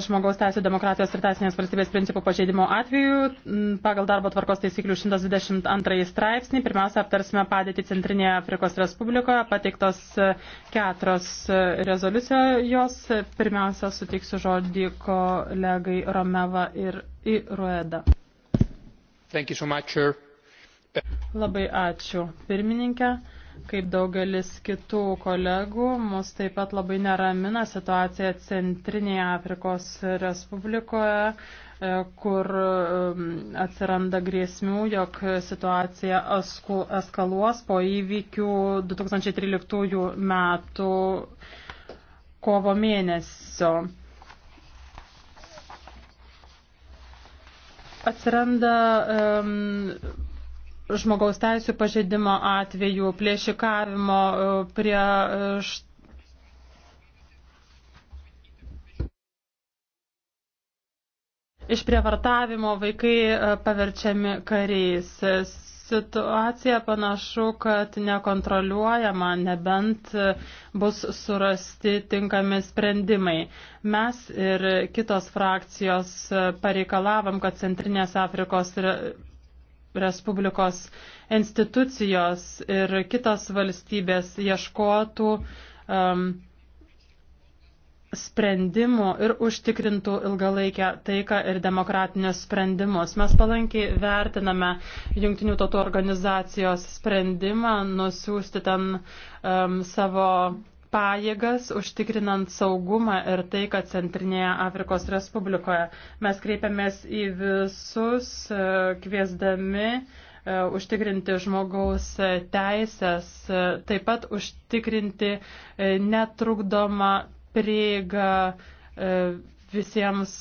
žmogaus teisų, demokratijos ir teisinės valstybės principų pažeidimo atveju. Pagal darbo tvarkos taisyklių 122 straipsnį pirmiausia aptarsime padėtį Centrinėje Afrikos Respublikoje. Pateiktos e, keturios e, rezoliucijos. Pirmiausia, suteiksiu žodį kolegai Romeva ir Irueda. So much, Labai ačiū, pirmininkė kaip daugelis kitų kolegų, mus taip pat labai neramina situacija Centrinėje Afrikos Respublikoje, e, kur atsiranda grėsmių, jog situacija eskaluos po įvykių 2013 metų kovo mėnesio. Atsiranda um, žmogaus teisų pažeidimo atvejų, plėšikavimo e, prie e, št... išprievartavimo vaikai e, paverčiami kariais. Situacija panašu, kad nekontroliuojama, nebent bus surasti tinkami sprendimai. Mes ir kitos frakcijos pareikalavom, kad Centrinės Afrikos Respublikos institucijos ir kitos valstybės ieškotų um, sprendimų ir užtikrintų ilgalaikę taiką ir demokratinius sprendimus. Mes palankiai vertiname Junktinių tautų organizacijos sprendimą nusiųsti ten um, savo pajėgas, užtikrinant saugumą ir tai, kad Centrinėje Afrikos Respublikoje mes kreipiamės į visus, e, kviesdami e, užtikrinti žmogaus teisės, e, taip pat užtikrinti netrukdomą prieigą visiems,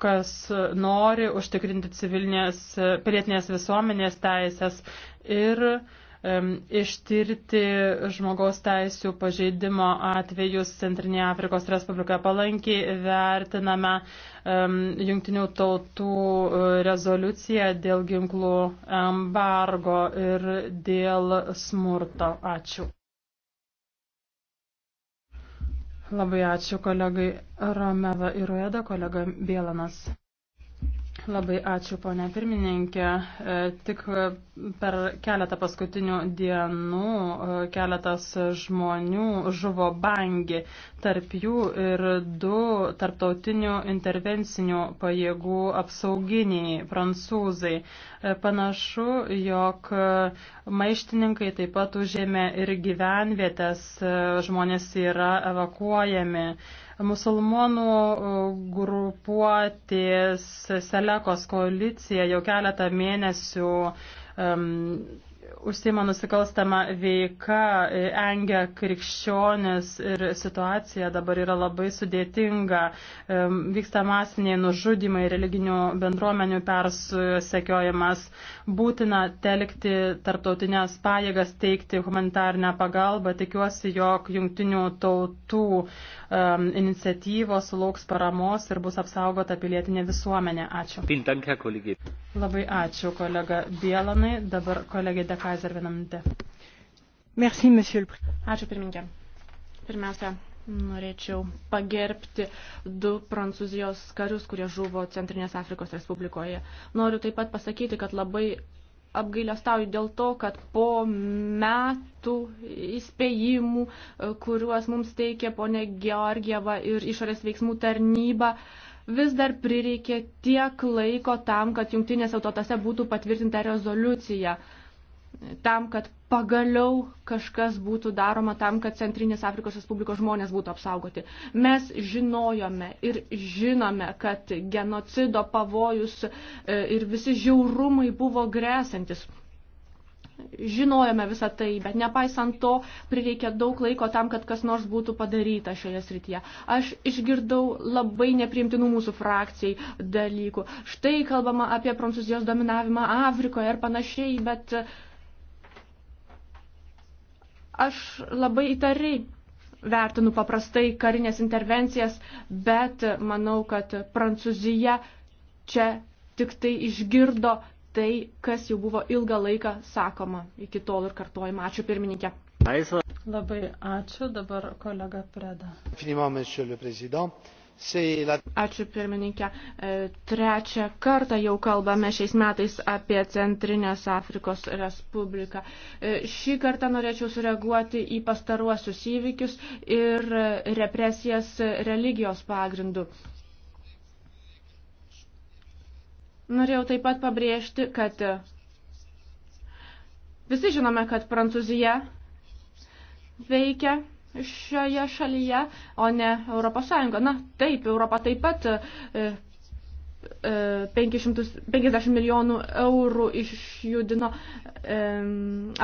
kas nori, užtikrinti civilinės, pilietinės visuomenės teisės ir uh, ištirti žmogaus teisų pažeidimo atvejus Centrinėje Afrikos Respublikoje. Palankiai vertiname jungtinių tautų e, rezoliuciją dėl ginklų embargo ir dėl smurto. Ačiū. Labai ačiū kolegai Romeva Irueda, kolega Bielanas. Labai ačiū, ponė pirmininkė. E, tik per keletą paskutinių dienų e, keletas žmonių žuvo bangi, tarp jų ir du tarptautinių intervencinių pajėgų apsauginiai prancūzai. E, panašu, jog maištininkai taip pat užėmė ir gyvenvietės, žmonės yra evakuojami. Musulmonų grupuotės Selekos koalicija jau keletą mėnesių um, užsima nusikalstama veika, e, engia krikščionis ir situacija dabar yra labai sudėtinga. E, vyksta masiniai nužudimai, religinių bendruomenių persekiojimas. Būtina telkti tarptautinės pajėgas, teikti humanitarnę pagalbą. Tikiuosi, jog jungtinių tautų e, iniciatyvos sulauks paramos ir bus apsaugota pilietinė visuomenė. Ačiū. Labai ačiū, kolega Bielanai. Dabar kolegė Dekai. Kaiser vieną minutę. Merci, monsieur. Ačiū pirmininkė. Pirmiausia, Norėčiau pagerbti du prancūzijos karius, kurie žuvo Centrinės Afrikos Respublikoje. Noriu taip pat pasakyti, kad labai apgailestauju dėl to, kad po metų įspėjimų, e, kuriuos mums teikė ponė Georgieva ir išorės veiksmų tarnyba, vis dar prireikė tiek laiko tam, kad jungtinėse tautose būtų patvirtinta rezoliucija. Uh, tam, kad pagaliau kažkas būtų daroma tam, kad Centrinės Afrikos Respublikos žmonės būtų apsaugoti. Mes žinojome ir žinome, kad genocido pavojus e, ir visi žiaurumai buvo grėsantis. Žinojome visą tai, bet nepaisant to prireikė daug laiko tam, kad kas nors būtų padaryta šioje srityje. Aš išgirdau labai nepriimtinų mūsų frakcijai dalykų. Štai kalbama apie Prancūzijos dominavimą Afrikoje ir panašiai, bet uh, Aš labai įtariai vertinu paprastai karinės intervencijas, bet manau, kad Prancūzija čia tik tai išgirdo tai, kas jau buvo ilgą laiką sakoma iki tol ir kartuojama. Ačiū pirmininkė. Labai ačiū. Dabar kolega Preda. Finiment, Ačiū pirmininkė. E, trečią kartą jau kalbame šiais metais apie Centrinės Afrikos Respubliką. E, šį kartą norėčiau sureaguoti į pastaruosius įvykius ir represijas religijos pagrindų. Norėjau taip pat pabrėžti, kad visi žinome, kad Prancūzija veikia šioje šalyje, o ne Europos Sąjunga. Na, taip, Europa taip pat 550 e, e, milijonų eurų išjudino e,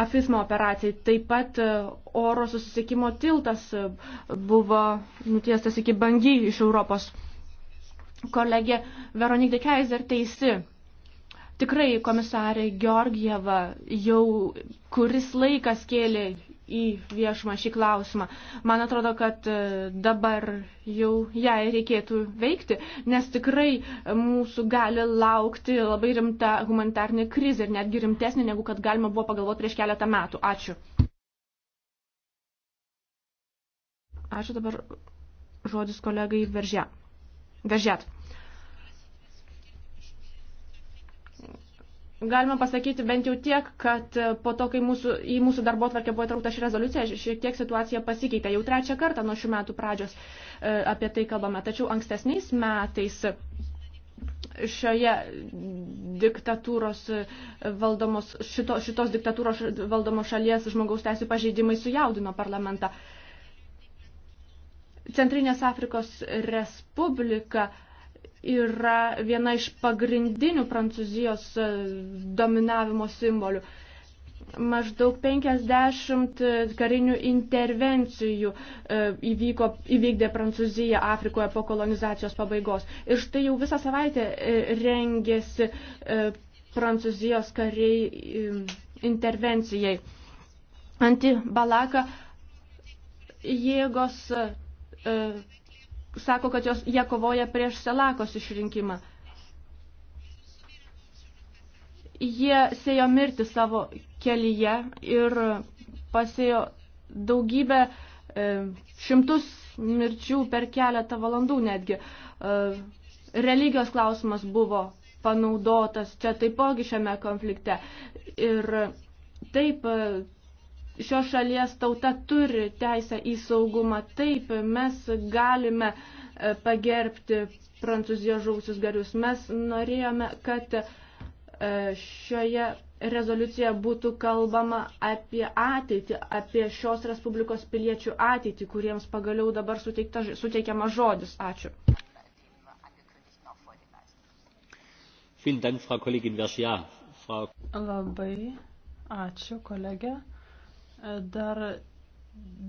afismo operacijai. Taip pat oro susisiekimo tiltas buvo nutiestas iki bangy iš Europos. Kolegė Veronik de Keiser teisi. Tikrai komisarė Georgieva jau kuris laikas kėlė į viešumą šį klausimą. Man atrodo, kad e, dabar jau jai reikėtų veikti, nes tikrai mūsų gali laukti labai rimta humanitarnė krizė ir netgi rimtesnė, negu kad galima buvo pagalvoti prieš keletą metų. Ačiū. Ačiū dabar žodis kolegai Veržia. Veržet. galime pasakyti bent jau tiek, kad e, po to, kai mūsų, į mūsų darbo atvarkę buvo įtraukta ši rezoliucija, šiek tiek situacija pasikeitė. Jau trečią kartą nuo šių metų pradžios e, apie tai kalbame. Tačiau ankstesniais metais šioje diktatūros e, valdomos, šito, šitos diktatūros valdomos šalies žmogaus teisų pažeidimai sujaudino parlamentą. Centrinės Afrikos Respublika uh, yra viena iš pagrindinių Prancūzijos e, dominavimo simbolių. Maždaug 50 e, karinių intervencijų e, įvyko, įvykdė Prancūzija Afrikoje po kolonizacijos pabaigos. Ir štai jau visą savaitę rengėsi Prancūzijos kariai intervencijai. Antibalaka jėgos sako, kad jos, jie kovoja prieš Selakos išrinkimą. Jie sėjo mirti savo kelyje ir pasėjo daugybę e, šimtus mirčių per keletą valandų netgi. E, religijos klausimas buvo panaudotas čia taipogi šiame konflikte. Ir taip e, šios šalies tauta turi teisę į saugumą. Taip, mes galime e, pagerbti Prancūzijos žausius garius. Mes norėjome, kad e, šioje rezoliucijoje būtų kalbama apie ateitį, apie šios Respublikos piliečių ateitį, kuriems pagaliau dabar suteikta, suteikiama žodis. Ačiū. Dank, Frau Versia, Frau... Labai ačiū, kolegė. Dar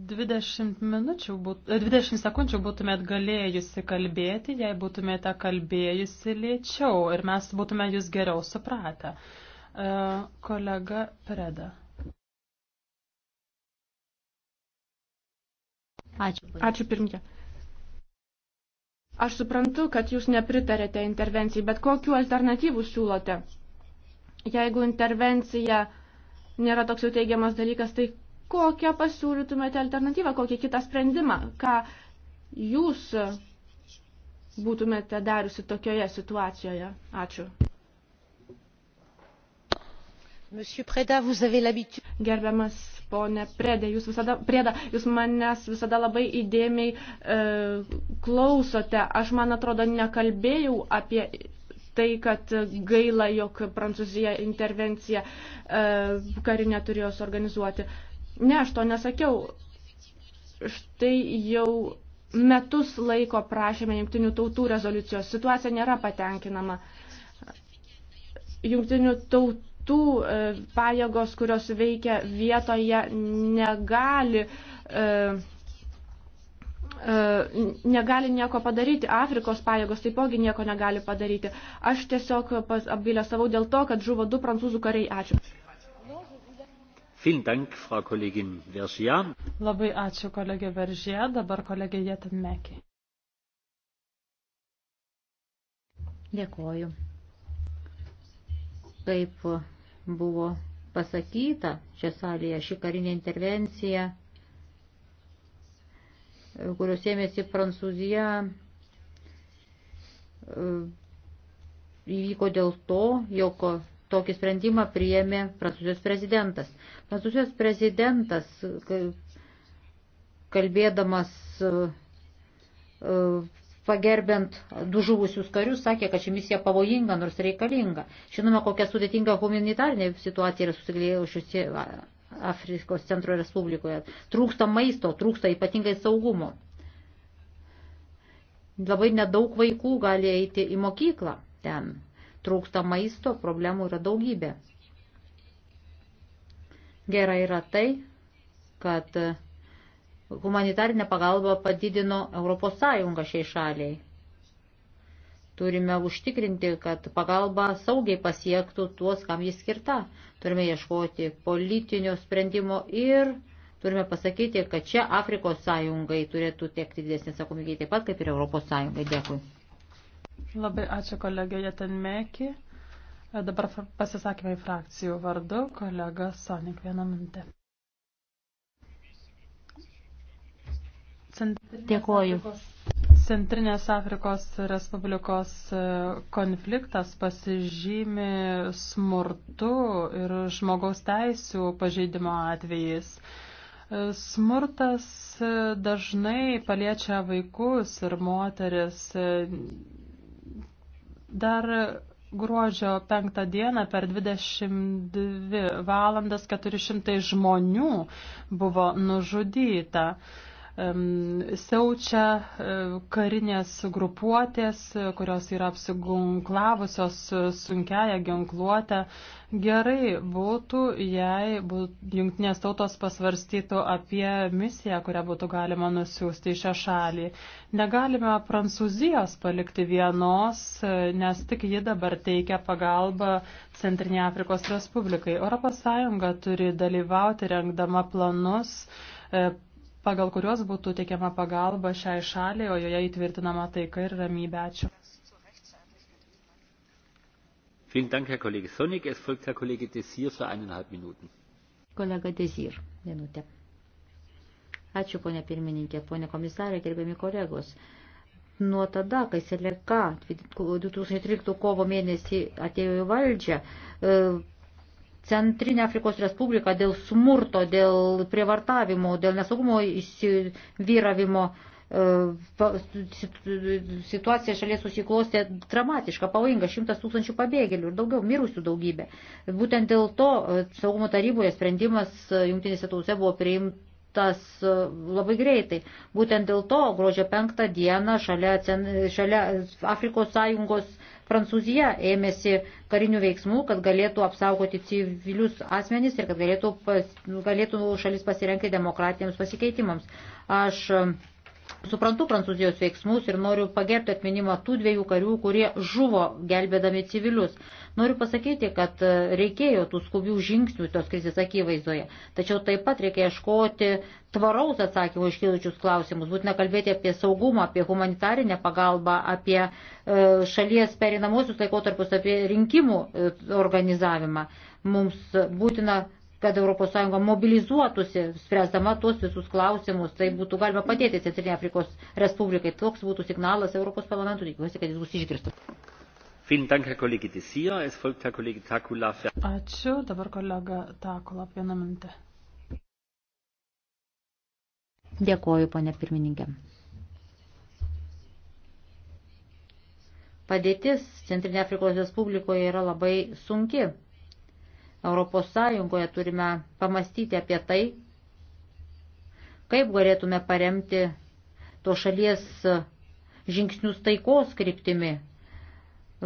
20, minučių, būt, 20 e, sekundžių būtumėt galėjusi kalbėti, jei būtumėte kalbėjusi lėčiau ir mes būtume jūs geriau supratę. E, kolega Preda. Ačiū. Ačiū pirmininkė. Aš suprantu, kad jūs nepritarėte intervencijai, bet kokiu alternatyvų siūlote? Jeigu intervencija uh, nėra toks jau teigiamas dalykas, tai kokią pasiūlytumėte alternatyvą, kokį kitą sprendimą, ką jūs būtumėte dariusi tokioje situacijoje. Ačiū. Monsieur Preda, vous avez l'habitude. Gerbiamas ponė Preda, jūs visada, Preda, jūs manęs visada labai įdėmiai e, klausote. Aš, man atrodo, nekalbėjau apie tai, kad gaila, jog Prancūzija intervenciją e, karinę turėjo suorganizuoti. Ne, aš to nesakiau. Štai jau metus laiko prašėme jungtinių tautų rezoliucijos. Situacija nėra patenkinama. Jungtinių tautų e, pajėgos, kurios veikia vietoje, negali uh, E, negali nieko padaryti. Afrikos pajėgos taipogi nieko negali padaryti. Aš tiesiog apgailę savau dėl to, kad žuvo du prancūzų kariai. Ačiū. Dank, Frau Labai ačiū kolegė Veržė, dabar kolegė Jetan Mekė. Dėkoju. Kaip buvo pasakyta, čia salėje ši karinė intervencija kurios ėmėsi Prancūzija, e, įvyko dėl to, jog tokį sprendimą priėmė Prancūzijos prezidentas. Prancūzijos prezidentas, kalbėdamas e, e, pagerbent du žuvusius karius, sakė, kad ši misija pavojinga, nors reikalinga. Žinoma, kokia sudėtinga humanitarinė situacija yra susiglėjusiuose Afrikos centro Respublikoje. Trūksta maisto, trūksta ypatingai saugumo. Labai nedaug vaikų gali eiti į mokyklą ten. Trūksta maisto, problemų yra daugybė. Gerai yra tai, kad humanitarinė pagalba padidino ES šiai šaliai Turime užtikrinti, kad pagalba saugiai pasiektų tuos, kam jis skirta. Turime ieškoti politinio sprendimo ir turime pasakyti, kad čia Afrikos sąjungai turėtų tekti didesnė atsakomybė taip pat kaip ir Europos sąjungai. Dėkui. Labai ačiū kolegė Jatanmeki. Dabar pasisakymai frakcijų vardu. Kolega Sonik, vieną minutę. Dėkuoju. Afrikos Centrinės Afrikos Respublikos e, konfliktas pasižymi smurtu ir žmogaus teisų pažeidimo atvejais. E, smurtas e, dažnai paliečia vaikus ir moteris. Dar gruodžio 5 dieną per 22 valandas 400 žmonių buvo nužudyta siaučia karinės grupuotės, kurios yra apsigunklavusios sunkiaja ginkluotę. Gerai būtų, jei jungtinės tautos pasvarstytų apie misiją, kurią būtų galima nusiųsti į šią šalį. Negalime Prancūzijos palikti vienos, nes tik ji dabar teikia pagalbą Centrinė Afrikos Respublikai. ES turi dalyvauti rengdama planus e, pagal kuriuos būtų teikiama pagalba šiai šaliai, o joje įtvirtinama taika ir ramybė. Ačiū. Vielen Dank, Herr Kollege Sonik. Es folgt Herr Kollege Desir für eineinhalb Minuten. Kolega Desir, minutė. Ačiū, ponė pirmininkė, ponė komisarė, gerbiami kolegos. Nuo tada, kai Seleka 2013 kovo mėnesį atėjo į valdžią, e, Centrinė Afrikos Respublika dėl smurto, dėl prievartavimo, dėl nesaugumo įsivyravimo e, situacija šalies susiklostė dramatiška, pavojinga, šimtas tūkstančių pabėgėlių ir daugiau mirusių daugybė. Būtent dėl to e, saugumo taryboje sprendimas e, jungtinėse tautose buvo priimtas tas e, labai greitai. Būtent dėl to gruodžio penktą dieną šalia, šalia Afrikos sąjungos Prancūzija ėmėsi karinių veiksmų, kad galėtų apsaugoti civilius asmenys ir kad galėtų, pas, galėtų šalis pasirenkti demokratiniams pasikeitimams. Aš suprantu prancūzijos veiksmus ir noriu pagerbti atminimą tų dviejų karių, kurie žuvo gelbėdami civilius. Noriu pasakyti, kad e, reikėjo tų skubių žingsnių tos krizės akivaizdoje. Tačiau taip pat reikia ieškoti tvaraus atsakymų iškilučius klausimus. Būtina kalbėti apie saugumą, apie humanitarinę pagalbą, apie e, šalies perinamosius laikotarpius, apie rinkimų e, organizavimą. Mums būtina kad ES mobilizuotųsi, spręsdama tuos visus klausimus, tai būtų galima padėti Centrinė Afrikos Respublikai. Toks būtų signalas Europos parlamentui, tikiuosi, kad jis bus išgirstas. Ačiū, dabar kolega Takula, vieną minutę. Dėkoju, ponė pirmininkė. Padėtis Centrinė Afrikos Respublikoje yra labai sunki. Europos Sąjungoje turime pamastyti apie tai, kaip galėtume paremti to šalies žingsnius taikos kryptimi.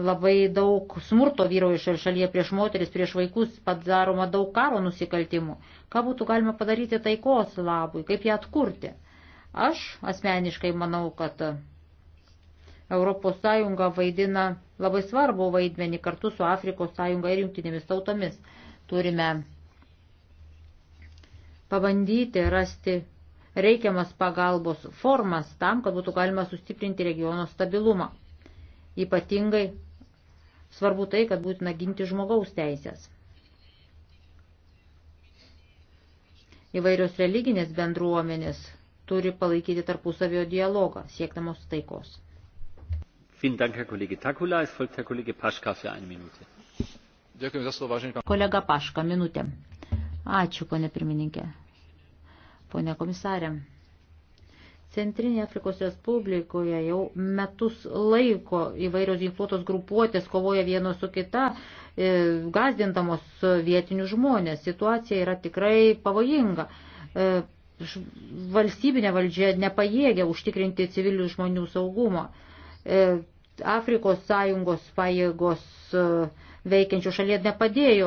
Labai daug smurto vyrauja šalyje prieš moteris, prieš vaikus, padaroma daug karo nusikaltimų. Ką būtų galima padaryti taikos labui, kaip ją atkurti? Aš asmeniškai manau, kad ES vaidina labai svarbu vaidmenį kartu su Afrikos sąjunga ir jungtinėmis tautomis. Turime pabandyti rasti reikiamas pagalbos formas tam, kad būtų galima sustiprinti regiono stabilumą. Ypatingai svarbu tai, kad būtina ginti žmogaus teisės. Įvairios religinės bendruomenės turi palaikyti tarpusavio dialogą, siektamos taikos. Vielen Dank, Herr Kollege Takula. Es folgt Herr Kollege Paschka für eine Minute. Dėkui visą važinį. Kolega Paška, minutė. Ačiū, ponė pirmininkė. Pone komisarė. Centrinėje Afrikos Respublikoje jau metus laiko įvairios ginkluotos grupuotės kovoja vienos su kita, e, gazdintamos vietinių žmonės. Situacija yra tikrai pavojinga. E, valstybinė valdžia nepajėgia užtikrinti civilių žmonių saugumo. E, Afrikos Sąjungos pajėgos uh, veikiančių šalyje nepadėjo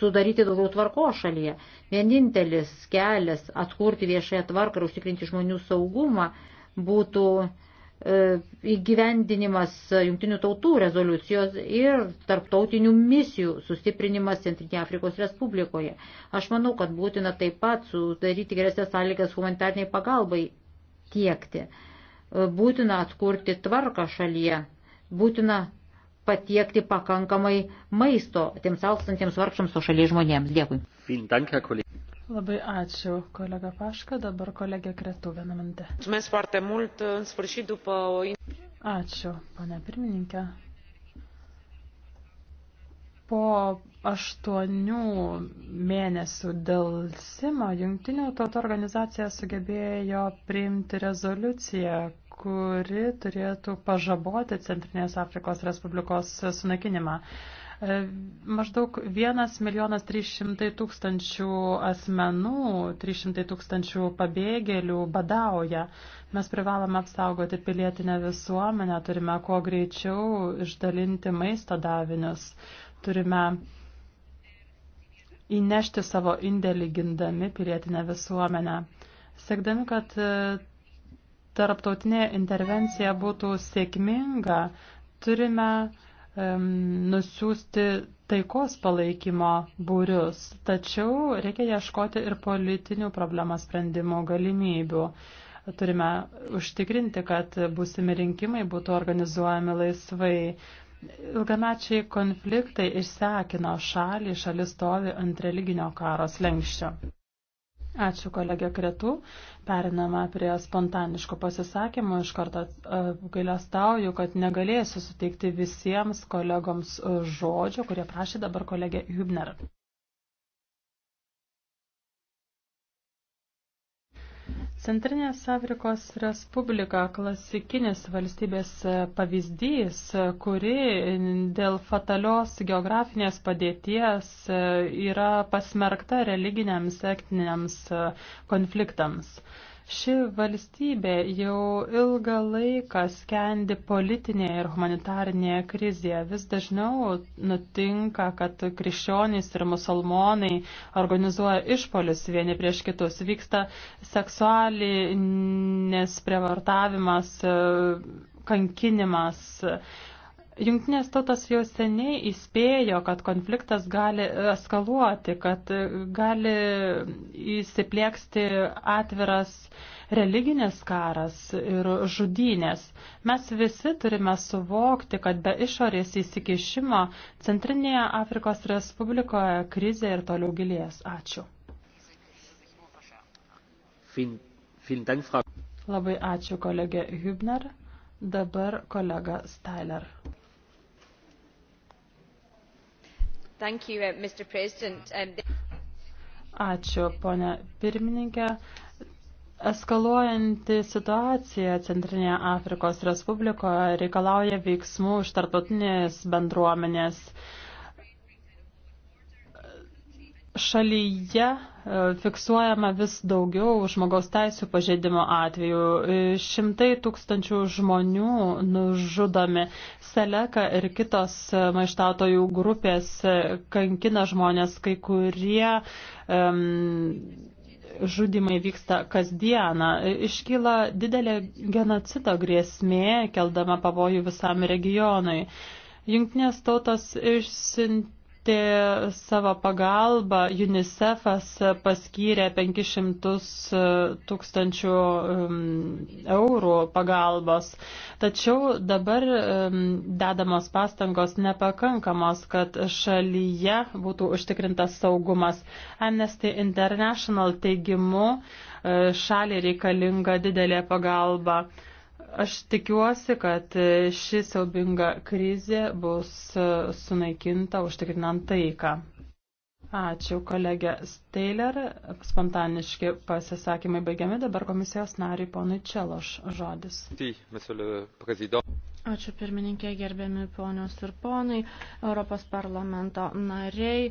sudaryti daugiau tvarko šalyje. Vienintelis kelias atkurti viešąją tvarką ir užtikrinti žmonių saugumą būtų e, įgyvendinimas jungtinių tautų rezoliucijos ir tarptautinių misijų sustiprinimas Centrinėje Afrikos Respublikoje. Aš manau, kad būtina taip pat sudaryti geresnės sąlygas humanitarniai pagalbai tiekti. E, būtina atkurti tvarką šalyje, būtina patiekti pakankamai maisto tiems alkstantiems vargšams to šalies žmonėms. Dėkui. Labai ačiū, kolega Paška. Dabar kolegė Kretu vieną minutę. Ačiū, pane pirmininkė. Po aštuonių mėnesių dėl Simo jungtinių tautų organizacija sugebėjo priimti rezoliuciją, kuri turėtų pažaboti Centrinės Afrikos Respublikos sunakinimą. E, maždaug 1 milijonas 300 tūkstančių asmenų, 300 tūkstančių pabėgėlių badauja. Mes privalome apsaugoti pilietinę visuomenę, turime kuo greičiau išdalinti maisto davinius, turime įnešti savo indėlį gindami pilietinę visuomenę. Siekdami, kad e, tarptautinė intervencija būtų sėkminga, turime um, nusiųsti taikos palaikymo būrius, tačiau reikia ieškoti ir politinių problemos sprendimo galimybių. Turime užtikrinti, kad būsimi rinkimai būtų organizuojami laisvai. Ilgamečiai konfliktai išsekino šalį, šalis stovi ant religinio karo slengščio. Ačiū kolegė Kretų. Periname prie spontaniško pasisakymo. Iš karto e, gailestauju, kad negalėsiu suteikti visiems kolegoms e, žodžio, kurie prašė dabar kolegė Hübner. Centrinės Afrikos Respublika klasikinis valstybės pavyzdys, kuri dėl fatalios geografinės padėties yra pasmerkta religiniams, etniniams konfliktams. Ši valstybė jau ilgą laiką skendi politinėje ir humanitarinėje krizėje. Vis dažniau nutinka, kad krikščionys ir musulmonai organizuoja išpolius vieni prieš kitus. Vyksta seksualinės prievartavimas, kankinimas. Junktinės tautos jau seniai įspėjo, kad konfliktas gali eskaluoti, kad gali įsiplėksti atviras religinis karas ir žudynės. Mes visi turime suvokti, kad be išorės įsikišimo Centrinėje Afrikos Respublikoje krizė ir toliau gilės. Ačiū. Fin, fin Labai ačiū kolegė Hübner. Dabar kolega Styler. You, uh, um, Ačiū, ponė pirmininkė. Eskaluojanti situacija Centrinėje Afrikos Respublikoje reikalauja veiksmų iš tarptautinės bendruomenės šalyje e, fiksuojama vis daugiau žmogaus teisų pažeidimo atvejų. E, šimtai tūkstančių žmonių nužudomi. Seleka ir kitos maištautojų grupės e, kankina žmonės, kai kurie um, žudimai vyksta kasdieną. Iškyla didelė genocido grėsmė, keldama pavojų visam regionui. Junktinės tautos išsiuntė teikti savo pagalbą. UNICEF'as paskyrė 500 e, tūkstančių eurų pagalbos. Tačiau dabar dedamos pastangos nepakankamos, kad šalyje būtų užtikrintas saugumas. Amnesty International teigimu e, šaliai reikalinga didelė pagalba. Aš tikiuosi, kad ši siaubinga krizė bus e, sunaikinta užtikrinant taiką. Ačiū, kolegė Steiler. Spontaniški pasisakymai baigiami. Dabar komisijos nariui ponui Čeloš žodis. Ačiū pirmininkė, gerbiami ponios ir ponai, Europos parlamento nariai.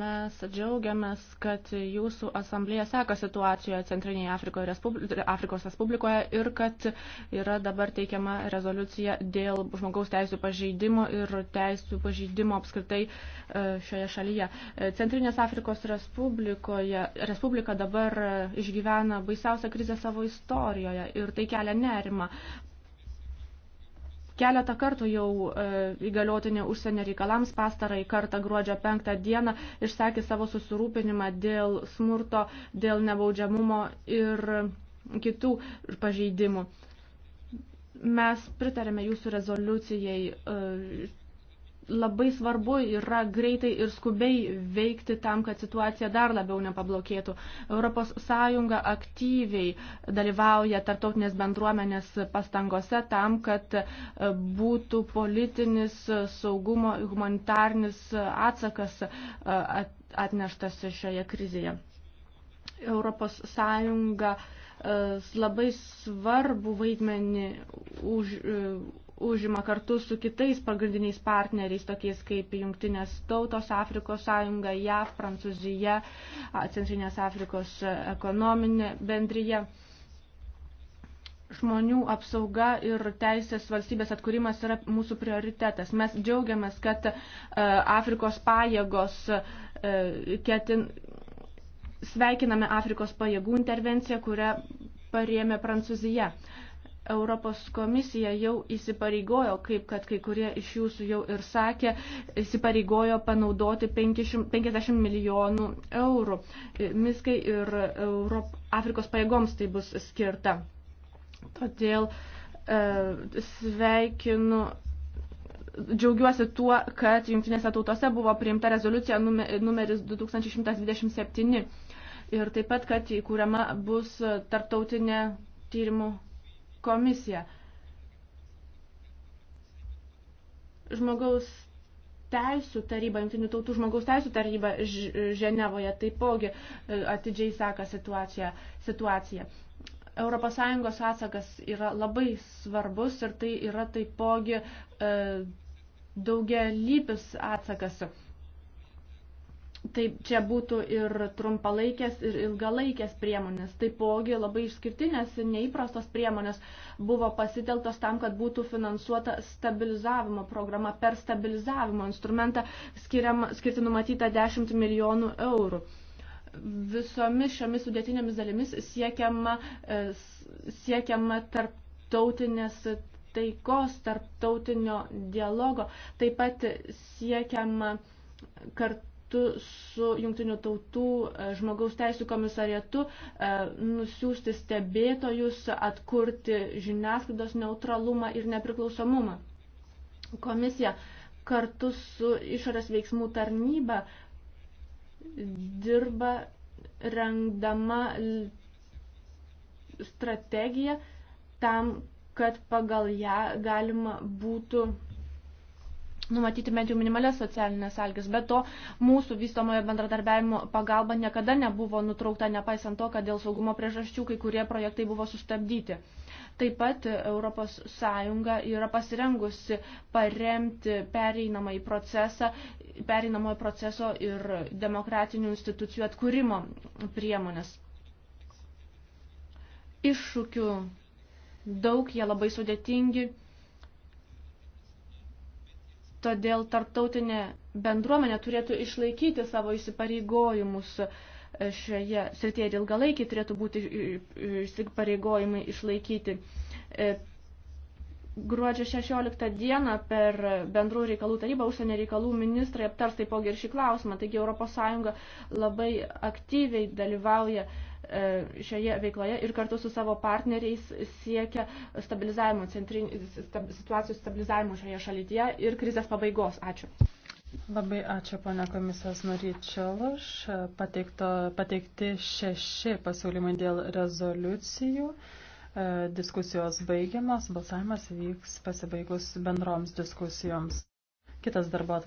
Mes džiaugiamės, kad jūsų asamblėje seka situacijoje Centrinėje Afrikoje, Respubli Afrikos Respublikoje ir kad yra dabar teikiama rezoliucija dėl žmogaus teisų pažeidimo ir teisų pažeidimo apskritai e, šioje šalyje. E, Centrinės Afrikos Respublikoje, Respublika dabar išgyvena baisiausią krizę savo istorijoje ir tai kelia nerimą. Keletą kartų jau e, įgaliotinė užsienio reikalams pastarai kartą gruodžio 5 dieną išsakė savo susirūpinimą dėl smurto, dėl nebaudžiamumo ir kitų pažeidimų. Mes pritarėme jūsų rezoliucijai e, labai svarbu yra greitai ir skubiai veikti tam, kad situacija dar labiau nepablokėtų. ES aktyviai dalyvauja tarptautinės bendruomenės pastangose tam, kad e, būtų politinis e, saugumo ir humanitarnis atsakas e, atneštas šioje krizėje. ES labai svarbu vaidmenį už, užima kartu su kitais pagrindiniais partneriais, tokiais kaip Jungtinės tautos, Afrikos sąjunga, JAV, Prancūzija, Centrinės Afrikos ekonominė bendryje. Žmonių apsauga ir teisės valstybės atkūrimas yra mūsų prioritetas. Mes džiaugiamės, kad uh, Afrikos pajėgos uh, ketin, sveikiname Afrikos pajėgų intervenciją, kurią parėmė Prancūzija. Uh, Europos komisija jau įsipareigojo, kaip kad kai kurie iš jūsų jau ir sakė, įsipareigojo panaudoti 50 milijonų eurų. Miskai ir Europ, Afrikos pajėgoms tai bus skirta. Todėl e, sveikinu. Džiaugiuosi tuo, kad Junktinėse tautose buvo priimta rezoliucija numeris 2127 ir taip pat, kad įkūriama bus tarptautinė tyrimų komisija. Žmogaus teisų taryba, jungtinių tautų žmogaus teisų taryba Ženevoje taipogi e, atidžiai seka situaciją. situaciją. ES atsakas yra labai svarbus ir tai yra taipogi e, daugia lypis atsakas. Tai čia būtų ir trumpalaikės, ir ilgalaikės priemonės. Taipogi labai išskirtinės ir neįprastos priemonės buvo pasiteltos tam, kad būtų finansuota stabilizavimo programa per stabilizavimo instrumentą skiriam, skirti numatytą 10 milijonų eurų. Visomis šiomis sudėtinėmis dalimis siekiama, e, siekiama tarptautinės taikos, tarptautinio dialogo. Taip pat siekiama kartu kartu su Junktinių tautų e, žmogaus teisų komisarietu e, nusiųsti stebėtojus, atkurti žiniasklaidos neutralumą ir nepriklausomumą. Komisija kartu su išorės veiksmų tarnyba dirba rengdama strategiją tam, kad pagal ją galima būtų numatyti bent jau minimalias socialinės sąlygas. Be to, mūsų vystomojo bendradarbiavimo pagalba niekada nebuvo nutraukta, nepaisant to, kad dėl saugumo priežasčių kai kurie projektai buvo sustabdyti. Taip pat ES yra pasirengusi paremti pereinamąjį procesą, pereinamojo proceso ir demokratinių institucijų atkūrimo priemonės. Iššūkių daug, jie labai sudėtingi Todėl tarptautinė bendruomenė turėtų išlaikyti savo įsipareigojimus e, šioje srityje ir ilgalaikiai turėtų būti įsipareigojimai išlaikyti. E, gruodžio 16 dieną per bendrų reikalų tarybą užsienio reikalų ministrai aptars taipogi ir šį klausimą. Taigi ES labai aktyviai dalyvauja uh, E, šioje veikloje ir kartu su savo partneriais siekia stabilizavimo, centrin, stab, situacijos stabilizavimo šioje šalyje ir krizės pabaigos. Ačiū. Labai ačiū, pana komisijos Noryčiološ. Pateikti šeši pasiūlymai dėl rezoliucijų. E, diskusijos baigiamas, balsavimas vyks pasibaigus bendroms diskusijoms. Kitas darbo atvarkas.